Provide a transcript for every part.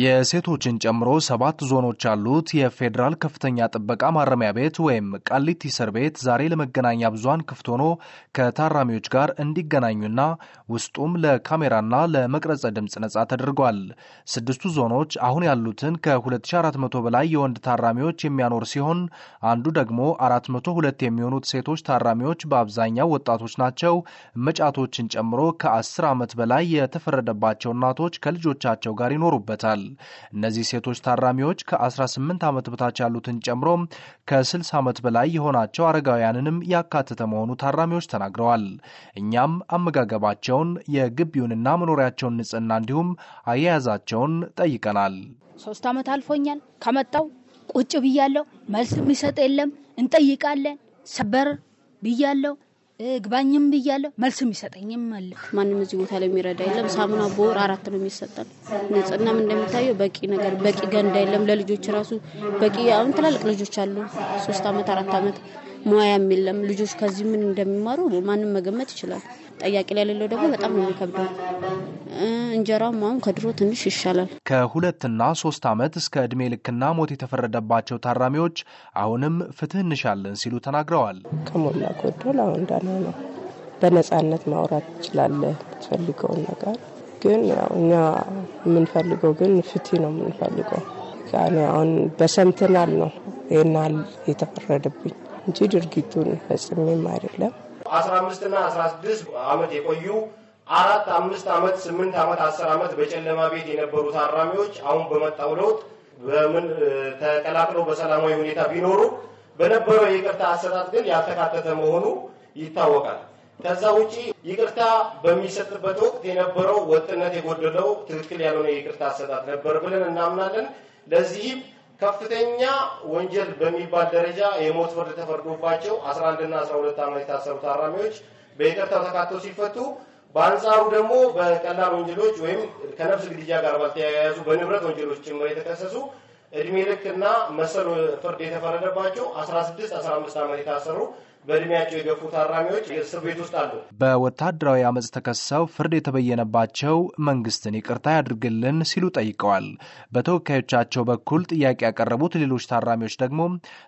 የሴቶችን ጨምሮ ሰባት ዞኖች ያሉት የፌዴራል ከፍተኛ ጥበቃ ማረሚያ ቤት ወይም ቃሊቲ እስር ቤት ዛሬ ለመገናኛ ብዙሃን ክፍት ሆኖ ከታራሚዎች ጋር እንዲገናኙና ውስጡም ለካሜራና ለመቅረጸ ድምፅ ነጻ ተደርጓል። ስድስቱ ዞኖች አሁን ያሉትን ከ2400 በላይ የወንድ ታራሚዎች የሚያኖር ሲሆን አንዱ ደግሞ 402 የሚሆኑት ሴቶች ታራሚዎች በአብዛኛው ወጣቶች ናቸው። መጫቶችን ጨምሮ ከ10 ዓመት በላይ የተፈረደባቸው እናቶች ከልጆቻቸው ጋር ይኖሩበታል። እነዚህ ሴቶች ታራሚዎች ከ18 ዓመት በታች ያሉትን ጨምሮ ከ60 ዓመት በላይ የሆናቸው አረጋውያንንም ያካተተ መሆኑ ታራሚዎች ተናግረዋል። እኛም አመጋገባቸውን፣ የግቢውንና መኖሪያቸውን ንጽህና እንዲሁም አያያዛቸውን ጠይቀናል። ሶስት ዓመት አልፎኛል ከመጣው ቁጭ ብያለሁ። መልስ የሚሰጥ የለም። እንጠይቃለን ሰበር ብያለሁ። ግባኝም ብያለሁ መልስም ይሰጠኝም አለ። ማንም እዚህ ቦታ ላይ የሚረዳ የለም። ሳሙና በወር አራት ነው የሚሰጠን። ንጽህናም እንደሚታየው በቂ ነገር በቂ ገንዳ የለም። ለልጆች ራሱ በቂ አሁን ትላልቅ ልጆች አሉ፣ ሶስት አመት አራት አመት ሙያም የለም። ልጆች ከዚህ ምን እንደሚማሩ ማንም መገመት ይችላል። ጠያቂ ላይ የሌለው ደግሞ በጣም ነው የሚከብደው። እንጀራም አሁን ከድሮ ትንሽ ይሻላል። ከሁለትና ሶስት ዓመት እስከ እድሜ ልክና ሞት የተፈረደባቸው ታራሚዎች አሁንም ፍትህ እንሻለን ሲሉ ተናግረዋል። ከሞላ ጎደል አሁን እንዳለ ነው። በነጻነት ማውራት ትችላለህ የምትፈልገውን ነገር ግን ያው እኛ የምንፈልገው ግን ፍትህ ነው የምንፈልገው። ያኔ አሁን በሰምተናል ነው ይህናል የተፈረደብኝ እንጂ ድርጊቱን ፈጽሜም አይደለም አስራ አምስትና አስራ ስድስት ዓመት የቆዩ አራት አምስት ዓመት ስምንት አመት አስር ዓመት በጨለማ ቤት የነበሩ ታራሚዎች አሁን በመጣው ለውጥ በምን ተቀላቅለው በሰላማዊ ሁኔታ ቢኖሩ በነበረው የይቅርታ አሰጣጥ ግን ያልተካተተ መሆኑ ይታወቃል። ከዛ ውጪ ይቅርታ በሚሰጥበት ወቅት የነበረው ወጥነት የጎደለው ትክክል ያልሆነ የይቅርታ አሰጣጥ ነበር ብለን እናምናለን። ለዚህም ከፍተኛ ወንጀል በሚባል ደረጃ የሞት ፍርድ ተፈርዶባቸው 11ና 12 ዓመት የታሰሩ ታራሚዎች በይቅርታው ተካተው ሲፈቱ በአንጻሩ ደግሞ በቀላል ወንጀሎች ወይም ከነፍስ ግድያ ጋር ባልተያያዙ በንብረት ወንጀሎች ጭምር የተከሰሱ እድሜ እና መሰል ፍርድ የተፈረደባቸው 16፣ 15 ዓመት የታሰሩ በእድሜያቸው የገፉ ታራሚዎች እስር ቤት ውስጥ አሉ። በወታደራዊ አመፅ ተከሰው ፍርድ የተበየነባቸው መንግስትን ይቅርታ ያድርግልን ሲሉ ጠይቀዋል። በተወካዮቻቸው በኩል ጥያቄ ያቀረቡት ሌሎች ታራሚዎች ደግሞ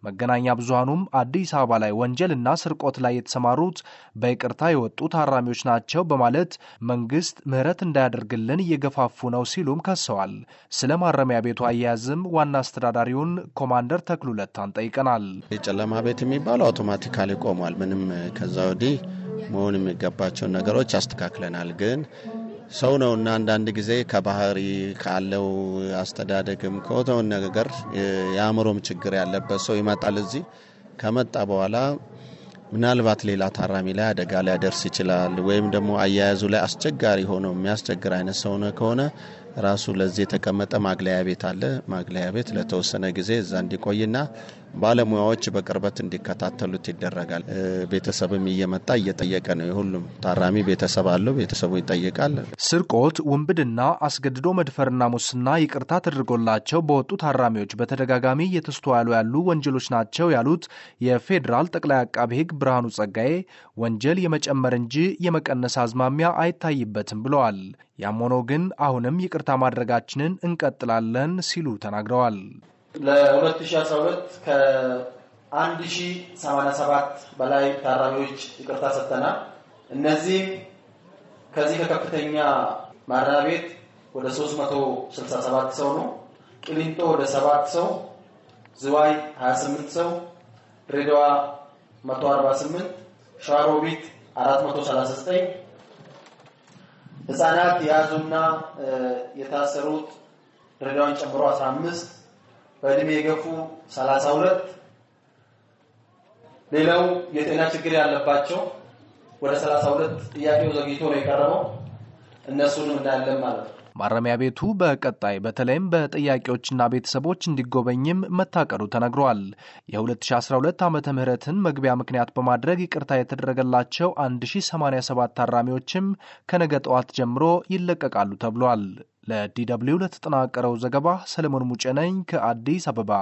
መገናኛ ብዙሃኑም አዲስ አበባ ላይ ወንጀልና ስርቆት ላይ የተሰማሩት በይቅርታ የወጡ ታራሚዎች ናቸው በማለት መንግስት ምህረት እንዳያደርግልን እየገፋፉ ነው ሲሉም ከሰዋል። ስለ ማረሚያ ቤቱ አያያዝም ዋና አስተዳዳሪውን ኮማንደር ተክሉለታን ጠይቀናል። የጨለማ ቤት የሚባለው አውቶማቲካሊ ቆሟል። ምንም ከዛ ወዲህ መሆን የሚገባቸውን ነገሮች አስተካክለናል። ግን ሰው ነው እና አንዳንድ ጊዜ ከባህሪ ካለው አስተዳደግም ከሆነውን ነገር የአእምሮም ችግር ያለበት ሰው ይመጣል እዚህ ከመጣ በኋላ ምናልባት ሌላ ታራሚ ላይ አደጋ ሊያደርስ ይችላል። ወይም ደግሞ አያያዙ ላይ አስቸጋሪ ሆኖ የሚያስቸግር አይነት ሰው ከሆነ ራሱ ለዚህ የተቀመጠ ማግለያ ቤት አለ። ማግለያ ቤት ለተወሰነ ጊዜ እዛ እንዲቆይና ባለሙያዎች በቅርበት እንዲከታተሉት ይደረጋል። ቤተሰብም እየመጣ እየጠየቀ ነው። የሁሉም ታራሚ ቤተሰብ አለው። ቤተሰቡ ይጠይቃል። ስርቆት፣ ውንብድና፣ አስገድዶ መድፈርና ሙስና ይቅርታ ተደርጎላቸው በወጡ ታራሚዎች በተደጋጋሚ እየተስተዋሉ ያሉ ወንጀሎች ናቸው ያሉት የፌዴራል ጠቅላይ አቃቢ ሕግ ብርሃኑ ጸጋዬ ወንጀል የመጨመር እንጂ የመቀነስ አዝማሚያ አይታይበትም ብለዋል። ያም ሆኖ ግን አሁንም ይቅርታ ማድረጋችንን እንቀጥላለን ሲሉ ተናግረዋል። ለ2012 ከ1087 በላይ ታራሚዎች ይቅርታ ሰጥተናል። እነዚህም ከዚህ ከከፍተኛ ማረሚያ ቤት ወደ 367 ሰው ነው። ቅሊንጦ ወደ 7 ሰው፣ ዝዋይ 28 ሰው፣ ድሬዳዋ 148፣ ሸዋሮቢት 439 ህፃናት የያዙና የታሰሩት ድሬዳዋን ጨምሮ 15 በእድሜ የገፉ 32 ሌላው የጤና ችግር ያለባቸው ወደ 32 ጥያቄው ዘግይቶ ነው የቀረበው። እነሱንም እናያለን ማለት ነው። ማረሚያ ቤቱ በቀጣይ በተለይም በጥያቄዎችና ቤተሰቦች እንዲጎበኝም መታቀዱ ተነግሯል። የ2012 ዓ ምህረትን መግቢያ ምክንያት በማድረግ ይቅርታ የተደረገላቸው 1087 ታራሚዎችም ከነገ ጠዋት ጀምሮ ይለቀቃሉ ተብሏል። ለዲ ደብልዩ ለተጠናቀረው ዘገባ ሰለሞን ሙጬ ነኝ ከአዲስ አበባ።